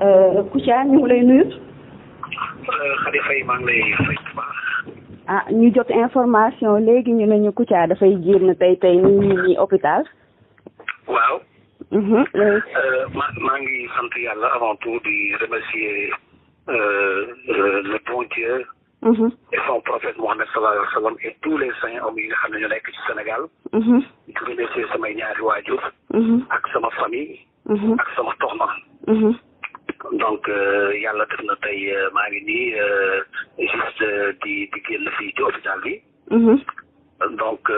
Euh, Kouthia ñu ngi lay nuyu. Euh, Khady Faye maa lay fay ah ñu jot information léegi ñu ne ñu Kouthia dafay génn tey tey nii nii nii hôpital. waaw. Mhm. Euh, ma maa ngi sant yàlla avant tout di remercier le bon Dieu. Mhm. et son prophète Mohamed sallallahu alayhi wa sallam tous les saints hommes yi nga xam ne ñu nekk ci Sénégal. Mhm. di remercier samay ñaari waajur. ak sama famille. ak sama toxna. donc euh, yàlla def na tey euh, maa ngi nii euh, juste di di génn fii ci hôpital bi. Mhm. donc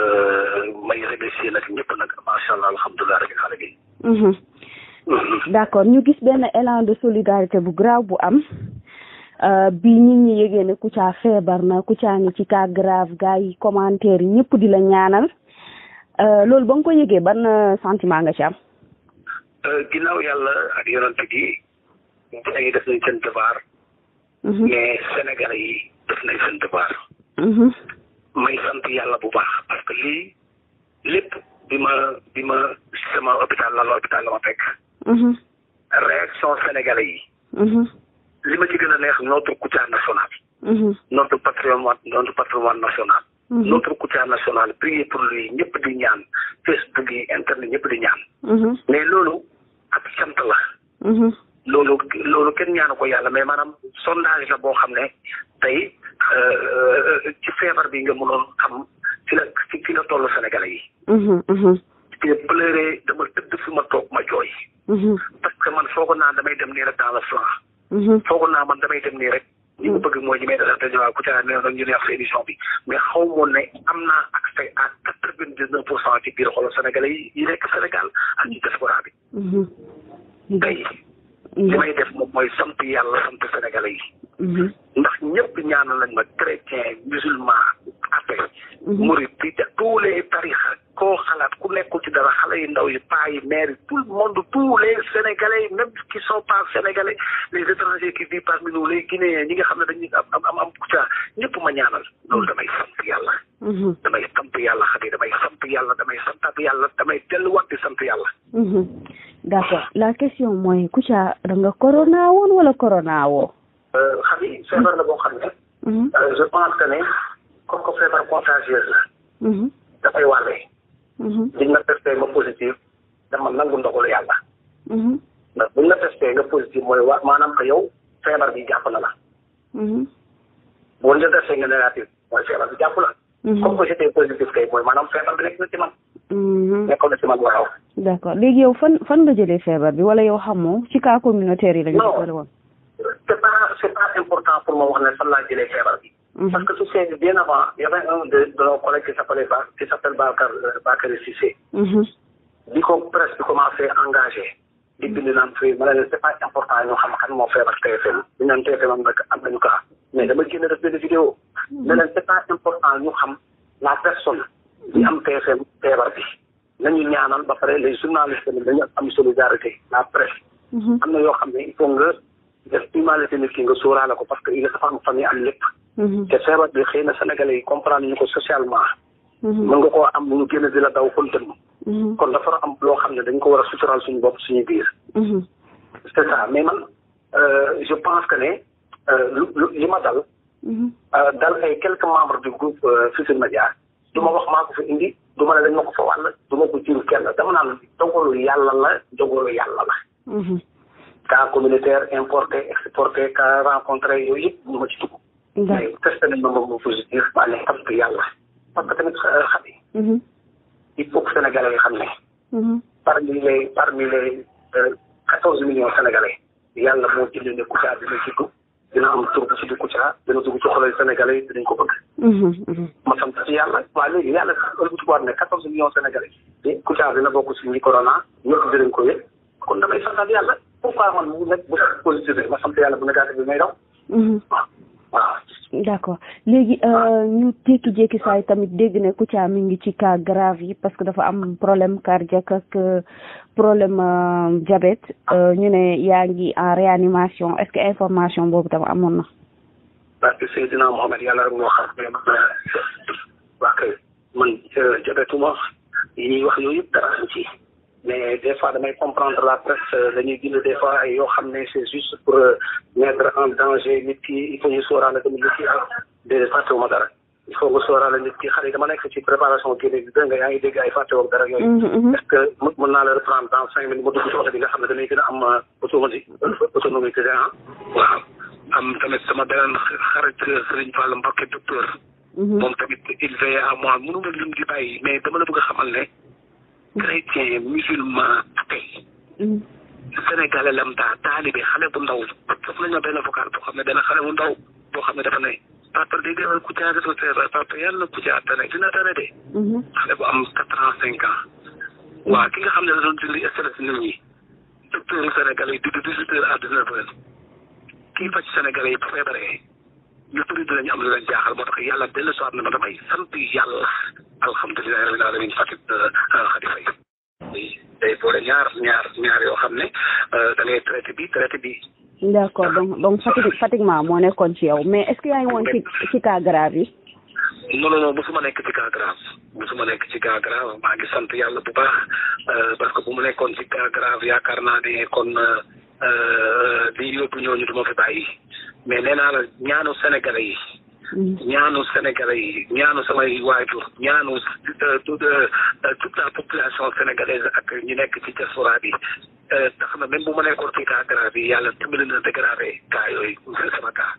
may remercier nag ñëpp nag macha allah alhamdulilah rabbil alamin. Mhm. Mhm. d'accord ñu gis benn élan de solidarité bu grave bu am. bi nit ñi yëgee ne Kouthia feebar na Kouthia ngi ci cas grave gars yi commentaire yi ñëpp di la ñaanal loolu ba nga ko yëgee ban sentiment nga ci am. ginnaaw yàlla ak yonent dañuy def nañ seen devoir. Mhm. mais Sénégalais yi def nañ seen devoir. Mhm. may sant yàlla bu baax parce que lii lépp bi ma bi ma sama hôpital la la hôpital la ma fekk. Mhm. réaction sénégalais yi. li ma ci gën a neex notre Kouthia national. notre patrimoine notre patrimoine national. notre Kouthia national prier pour lui ñëpp di ñaan Facebook yi internet ñëpp di ñaan. mais loolu ak sant la. loolu loolu kenn ñaanu ko yàlla mais maanaam sondage la boo xam ne tey euh, euh, ci feebar bi nga mënoon xam ci la ci ci la tollu Sénégalais yi. Mhm, mhm. te pleuré dama tëdd fi ma toog ma jooy. Mhm. parce que man foog naa damay dem nii rek dans le flanc. foog naa man damay dem nii rek. ñi ma bëgg mooy ñi may dalal te waa Kouthia nee na ñu neex émission bi mais xaw ma ne am naa accès a quatre vingt dix neuf pour cent ci biir xolu Sénégalais yi yi nekk Mm-hmm. li may def moom mooy sant yàlla sant sénégalais yi. Mm-hmm. ndax ñëpp ñaanal nañ ma chrétien musulman athée. murit bi te tous les tarixa koo xalaat ku nekkul ci dara xale yu ndaw yi paa yi maire yi tout le monde tous les sénégalais même qui sont pas sénégalais les étrangers qui vivent parmi nous les guinéens ñi nga xam ne dañuy am am am kucca ñëpp ma ñaanal loolu mm-hmm. damay sant yàlla. damay d'accord la question mooy Kouthia da nga corona woon wala corona woo. xam euh, nga feebar la boo xam ne. Mhm. Euh, je pense que ne comme que feebar contagieuse la. Mhm. dafay wàllee. Mhm. buñ la testé nga positif dama nangu ndogalu yàlla. ndax buñ la testé nga positif mooy waa maanaam que yow feebar bi jàpp na la. boo ñu la testé nga négatif mooy feebar bi jàpp la. comme que j'étais positif kay mooy maanaam feebar bi nekk na ci man. Mm-hmm. nekkoon na si man war a wax. d' accord yow fan fan nga jëlee feebar bi wala yow xamoo ci cas communautaire yi la ñu. pour ma wax ne fan laa jëlee feebar bi. Mm-hmm. parce que su fekkee bien avant y' avait un de de Ba qui s' appelle Bakar euh, Bakary Cissé. Mm-hmm. ko presque commencé engagé. di bind naan fii ma ne leen c' est pas important ñu xam kan moo feebar TFM. ñu naan TFM am rek am nañu cas mais dama génn def benn vidéo. ne leen c' est pas important ñu xam la personne. di am TFM feebar bi. nañu ñaanal ba pare les journalistes tamit dañu am solidarité la presse. Mhm. am na yoo xam ne il faut nga nga sóoraale ko parce que il dafa am famille am lépp. Mhm. te feebar bi xëy na sénégalais yi comprendre ñu ko socialement. Mhm. mën nga koo am ñu génn di la daw kon dënnu. kon dafa am loo xam ne dañ ko war a suturaal suñu bopp suñu biir. c' est ça mais man euh, je pense que ne euh, lu lu li ma dal. Euh, dal ay quelques membres du groupe Futurs Médias du wax maa ko indi. du ma ne dañ ma ko fa wàll du ma ko jiw kenn dama naan yàlla la dogalu yàlla la. Mhm. cas communautaire importé exporté cas rencontré yooyu yëpp du ma ci dugg. mais testé nañ moom positif maa ne xam nga yàlla parce que tamit euh, xam mhm. yi. il xam ne. Mhm. parmi les parmi les euh, quatorze millions sénégalais yàlla moo jënd ne ku caa dina dina am tur bu tudd Kouthia dina dugg ci xolay sénégalais yi dinañ ko bëgg. Mhm, mhm. ma sant ci yàlla waaw léegi yàlla ëllëg ne quatorze millions sénégalais te Kouthia dina bokk ko yëg kon damay santaat yàlla pourquoi man mu nekk bu positif ma sant yàlla bu may daw. Mhm. waaw waaw. d'accord léegi euh, ñu jékki jékki saa yi tamit dégg ne Kouthia mi ngi ci cas grave parce que dafa am problème cardiaque ak euh, problème euh, diabète ñu ne yaa ngi en réanimation est information boobu tam amoon na. parce que Seydina Mohamed yàlla rek moo xam. waa kay man diabète ma yi ñuy wax yooyu yëpp dara mais des fois damay comprendre la presse euh, dañuy bind des yoo xam ne c'est juste pour euh, mettre en danger nit ki il faut ñu sóoraale tamit ah, dara il faut ki xale yi dama nekk ci préparation génne bi dégg nga yaa ngi dégg dara yooyu mm-hmm, mm-hmm. que mën naa la reprendre dans cinq minutes ma dugg ci oto nga xam ne damay gën a am euh, autonomie autonomie que ah waaw am tamit sama beneen xarit Serigne Fall Mbacké mm-hmm. moom tamit il veille à moi mënuma lim di bàyyi mais dama la bëgg a xamal ne chrétien musulman athée. Mm. Sénégalais lambda taalibe xale bu ndaw daf nañoo benn vocal boo xam ne benn xale bu ndaw boo xam ne dafa ne papa dégg nga Kouthia dafa seer papa yàlla na Kouthia tane dina tane de. Mm-hmm. xale bu am quatre-vingt-cinq ans. Mm. waa ki nga xam ne da doon julli stress nit ñi docteur Sénégal yi digg dix-huit heures à dix-neuf heures kii faj Sénégal yi bu feebaree ñu bëri dinañu am lu leen jaaxal moo tax yàlla dellu si waat na ma damay sant yàlla alhamdulilah rabbil alamin Fatick euh, traité bi. d' accord donc donc fatigue fatiguement moo nekkoon ci yow mais est ce que yaa ngi ci ci cas grave yi. non nekk ci cas grave mosuma nekk ci cas grave maa sant yàlla bu baax euh, parce que bu mu nekkoon ci cas grave yaakaar naa e kon di euh, yóbbu ñooñu du ma fi bàyyi mais ne naa la ñaanu Sénégalais yi. Mm. ñaanu Sénégalais yi ñaanu samay waajur ñaanu euh, toute la population sénégalaise ak ñu nekk ci diaspora bi tax euh, na même bu ma nekkoon fii cas grave yi yàlla dimbali na dégravé cas yooyu sama cas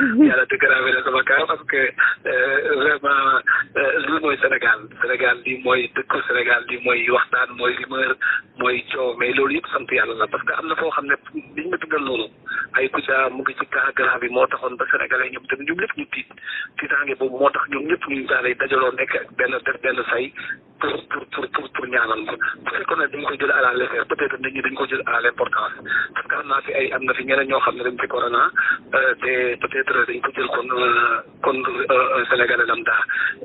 mhm. yàlla dégravé na sama cas parce que euh, vraiment euh, lii mooy Sénégal Sénégal lii mooy dëkku Sénégal lii mooy waxtaan mooy rumeur mooy coow mais loolu yëpp sant yàlla na parce que am na foo xam ne liñ ma tuddal loolu ay Kouthia mu ngi ci cas grave yi moo taxoon ba Sénégalais ñoom ñëpp ñu tiit tiitaange boobu moo tax ñoom ñëpp ñu daal dajaloo nekk benn def benn say pour pour pour pour ñaanal ma bu fekkoon ne dañ ko jël à la légère peut-être nit ñi dañ ko jël à l'importance parce que am na fi ñeneen ñoo ne dañ fi te peut dañ ko jël kon kon Sénégalais lambda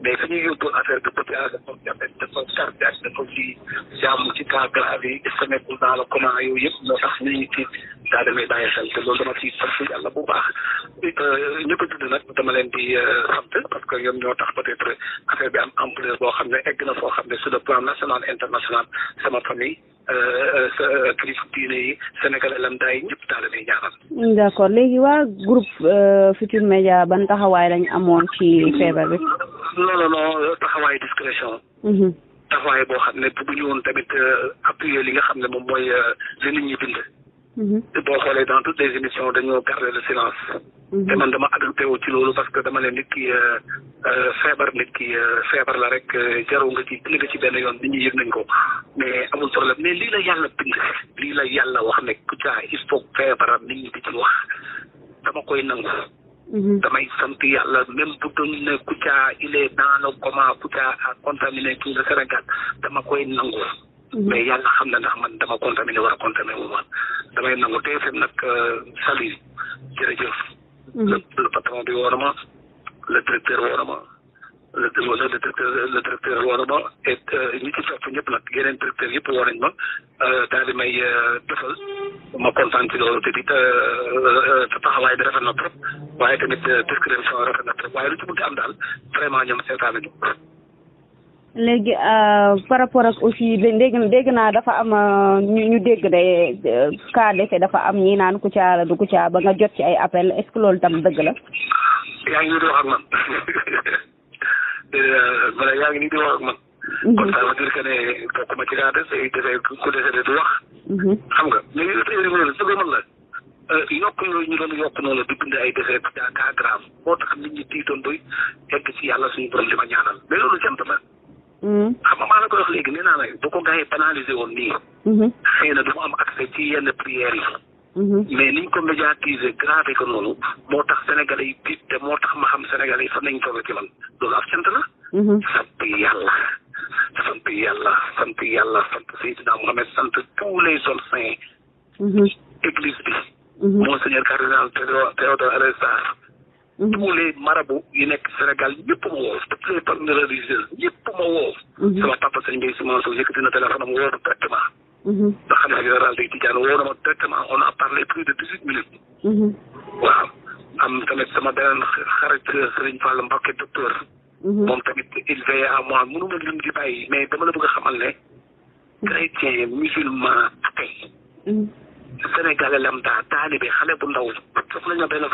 mais fi ñuy yóbbu affaire bi côté à dafa cardiaque dafa ci jàmm ci cas grave yi est-ce que yëpp daa damay bàyyi xel te loolu dama ci sant yàlla bu baax euh, ñu ko euh, parce que ñoom ñoo tax peut-être affaire bi boo xam ne egg na foo xam ne sur le plan national international sama famille euh, sa kilifa diine yi Sénégal lam daay ñëpp daal damay ñaanal. d'accord léegi waa groupe Futurs Médias ban taxawaay lañ amoon ci feebar bi. non non non taxawaay discrétion. Mhm. taxawaay boo xam ne bëgguñu woon tamit appuyer li nga xam ne moom mooy li nit ñi Mm-hmm. boo xoolee dans toutes les émissions dañoo garder le silence. Mm-hmm. te man dama adapté wu ci loolu parce que dama ne nit ki euh, euh, feebar nit ki euh, feebar la rek jarul nga ki nga ci benn yoon nit ñi yëg nañ ko mais amul problème mais lii la yàlla bind lii la yàlla wax ne Kouthia il faut feebaram nit ñi di ci wax dama koy nangu. Mm-hmm. damay sant yàlla même bu doon ne Kouthia il est dans le coma Kouthia a contaminé tout le Sénégal dama koy nangu. mais yàlla xam na ndax man dama compté ni war a compté bu baax damay nangu TFM nag salut jërëjëf. le le patron bi woo na ma le directeur woo na ma le le directeur le directeur woo na ma et ñi ci fekk ñëpp nag yeneen directeur yëpp woo nañ ma daal di may defal ma kontaan ci loolu te it taxawaay bi rafet na trop waaye tamit description rafet na trop waaye lu ci bëgg am daal vraiment ñoom seetaan nañu. léegi euh, par rapport ak aussi dégg dégg naa dafa am euh, ñu ñu dégg de cas décès dafa am ñi naan Kouthia la du Kouthia ba nga jot ci ay appel est-ce loolu tam dëgg la. yaa ngi nii di euh, ngi nii di mhm. ci kaa des ay des mhm. xam nga mais yooyu yokk yooyu ñu doon yokk noonu la di bind ay décès daa kaa grave moo tax nit ñi tiitoon doy egg ci yàlla suñu borom di ma ñaanal mais loolu jant la. Mm-hmm. xam nga maa la ko wax léegi nee naa la bu ko gars yi banalisé woon nii. Mm-hmm. xëy na du mu am accès ci yenn prières yi. Mm-hmm. mais niñ ko médiatiser gravé ko noonu moo tax sénégalais yi tiit te moo tax ma xam sénégalais yi fan nañ toog ci man loolu ab cant la. sant yàlla sant yàlla sant yàlla sant Seydina Mohamed sant tous les hommes saints. église bi. monseigneur cardinal Théodore a Sarr. tous les marabouts yu nekk Sénégal ñëpp ma woo toutes les partenaires religieuses ñëpp ma woo. Mhm. sama papa sëñ Mbaye Soumane Sow yëkkati na téléphone am woo directement. Mhm. ndax xalifa général day Tidiane woo na ma on a parlé plus de dix huit minutes. Mhm. waaw am tamit sama beneen xarit Serigne Fall Mbacke moom tamit il veille à moi mënu ma lim di bàyyi mais dama la bëgg a xamal ne. chrétien musulman athée. Sénégalais lambda taalibe xale bu ndaw xam ne benn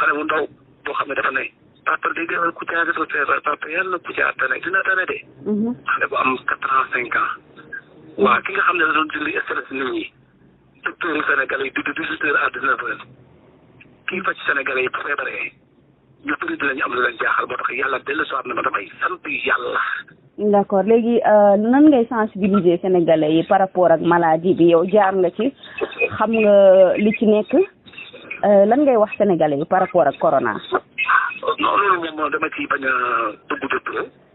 xale bu ndaw boo xam ne dafa ne papa dégg nga Kouthia dafa feebar papa yàlla na tane dina tane de. Mhm. xale bu am quatre-vingt-cinq ans. Mhm. waa ki nga xam ne da doon dindi stress nit ñi docteur Sénégal yi du dix-huit heures ñu bëri dinañu am lu leen jaaxal moo tax yàlla dellu si waat na ma damay sant yàlla. d'accord léegi euh, nan ngay sensibiliser sénégalais yi par rapport ak maladie bi yow jaar nga ci xam nga li ci nekk euh, lan ngay wax sénégalais yi par rapport ak corona. non loolu moom dama ciy bañ a dugg dëpp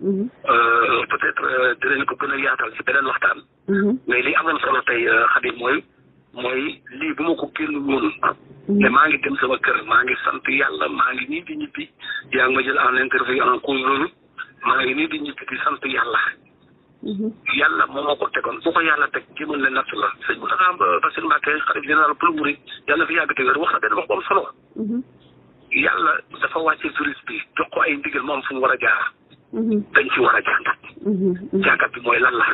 mhm. euh, peut-être dinañ ko gën a yaatal ci beneen waxtaan. Mhm. mais li mooy. mooy lii bu ma ko génn woon mais maa ngi dem sama kër maa ngi sant yàlla maa ngi nii di ñibbi yaa ngi ma jël en interview en cause loolu maa ngi nii di ñibbi di sant yàlla mhm. yàlla moo ma ko tegoon bu ko yàlla teg jéemal ne natt la sëñ bu taxaa Bassirou Mbacké xarit général pour murid yàlla fi yàgg te wér wax na benn wax bu am mhm. dafa wàcce virus bi jox ko ay ndigal moom fu mu war a jaar mhm. dañ ci war a jàngat jàngat bi mooy lan la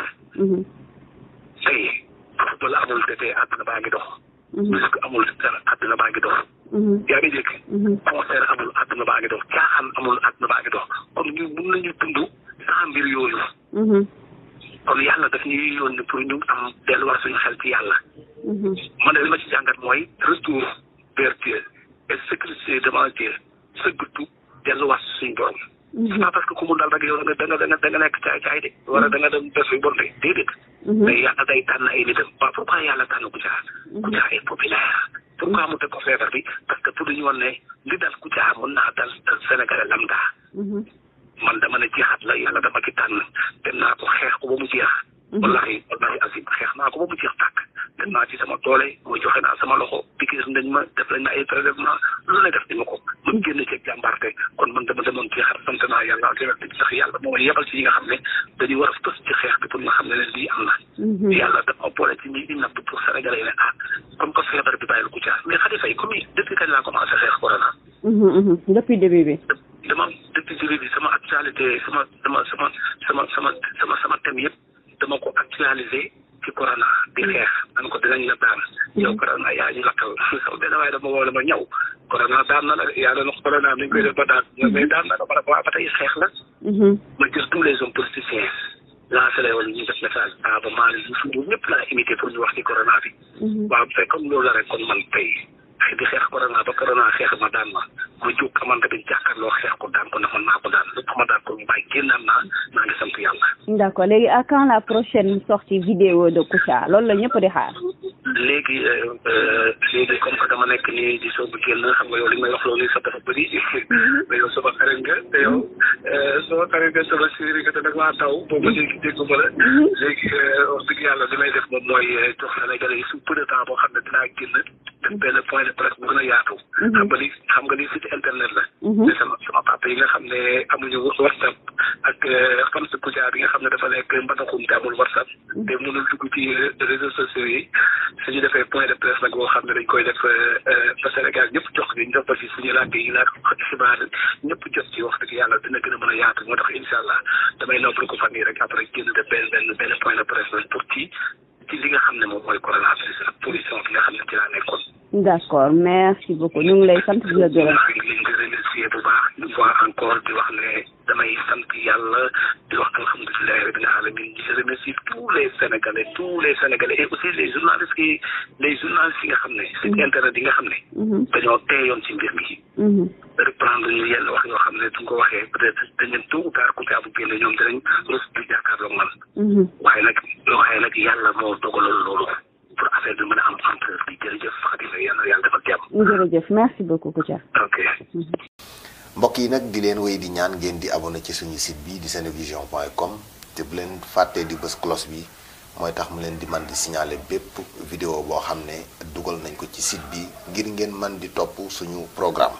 football amul defee àdduna baa ngi dox. musique mhm. amul àdduna baa ngi dox. Mhm. yaa mhm. concert amul àdduna baa ngi dox caaxaan amul àdduna baa ngi dox kon ñu mun nañu dund sans mbir yooyu. kon yàlla daf ñuy yónni pour ñu am delluwaat suñu xel ci yàlla. man de li ma ci jàngat mooy retour vers Dieu et sécurité devant Dieu sëggatu delluwaat suñu borom. c'est mm-hmm. pas parce que ku mu dal rek yow da nga da nga da nga nekk caay caay de wala mm-hmm. da nga dem bés yu bon de déedéet mm-hmm. mais yàlla day tànn ay nitam waaw pourquoi yàlla tànn Kouthia Kouthia est populaire pourquoi mu teg ko feebar bi parce que du ñu woon ne li dal Kouthia mën naa dal Sénégalais lambda man dama ne jeexaat la yàlla dama ci tànn dem naa ko xeex ko ba mu jeex wallahi wallahi asim xeex naa ko ba mu jeex tàkk dem naa ci sama doole mooy joxe naa sama loxo pikiir nañ ma def nañ ma ay prélèvement lu ne def di ma ko ba mu génn ci jàmbaarte kon man dama demoon ci xar sant naa yàlla ak yàlla sax yàlla moo may yebal ci ñi nga xam ne dañuy war a fës ci xeex bi pour nga xam ne leen lii am na mhm. yàlla dafa boole ci ñi ñu napp pour Sénégalais yi ne ah comme que feebar bi bàyyi la ku jaar mais Khady Faye comme depuis kañ laa commencé xeex corona mhm, mhm. depuis début bi dama depuis début bi sama actualité sama sama sama sama sama sama sama thème yëpp dama ko actualisé ci corona di mm. xeex man ko dinañ la daan mm. yow corona yaa ñu lakkal sama benn waaye dama woo la ma ñëw corona daan na la yaa doon corona mi ngi koy def ba daan mm-hmm. mais daan na la ma ne ko waa ba tey xeex la mm-hmm. ma jël tous les hommes politiciens lancé la woon ñu def message a ah, ba maa li suñu ñëpp laa imité pour ñu wax ci corona bi mm-hmm. waaw fekk comme loolu la rek kon man tey xëy xeex corona ba corona xeex ma ma ma jóg man tamit jàkkaarloo xeex ko daan ko na man maa ko daan lépp ma daan ko bàyyi génnaan naa naa ngi sant yàlla. d' accord léegi à quand la prochaine sortie vidéo de Kouthia loolu la ñëpp di xaar. léegi euh, euh, léegi comme que dama nekk nii di soog a génn xam nga yow li may wax loolu sa dafa bëri mais mhm. yow o xarit nga te yow euh, sama xarit nga sama séeréer nga te nag maa taw mhm. boobu léegi déggu ma la mhm. léegi wax dëgg yàlla li may def moom mooy jox la lay a su peu de temps boo xam ne dinaa génn. def benn point de presse bu gën a yaatu. Mhm. xam nga li xam nga li internet la. Mhm. te sama sama papa yi nga xam ne amuñu whatsapp ak euh, fan si Koudia bi nga xam ne dafa nekk mbanaxum te amul whatsapp. Mhm. te mënul dugg ci euh, réseaux sociaux yi suñu defee point de presse xam ne dañ koy def euh, Sénégal ñëpp jox ñu jox ko suñu laajte yi laaj xibaar ñëpp jot ci wax dëgg yàlla dina gën a mën a yaatu moo tax incha allah damay noppal ko fan rek après génn benn benn point de presse pour ci. ci li nga xam ne moom mooy coronavirus ak pollution bi nga xam ne ci laa nekkoon d'accord merci beaucoup ñu ngi lay sant di la gërëm. bu baax une fois di wax ne damay sant yàlla di wax alhamdulilah rabbil alamin je remercie tous les sénégalais tous les sénégalais et aussi les journalistes qui les journalistes ki nga xam ne mhm. site internet yi nga xam ne mhm. dañoo si ci mbir mi mhm. reprendre ñu yenn wax yoo xam ne duñ ko waxee peut être dañu tôt ou tard ku ci abu génne ñoom dinañ rus di jàkkaarloo man waaye nag waaye nag yàlla moo dogaloon loolu pour a am ampleur bi jërëjëf Fatima yàlla dafa jàmm. jërëjëf merci beaucoup mbokk yi nag di leen wéy di ñaan ngeen di abonné ci suñu site bi di senevision point com te bu leen fàttee di bës cloche bi mooy tax mu leen di man di signaler bépp vidéo boo xam ne dugal nañ ko ci site bi ngir ngeen man di topp suñu programme.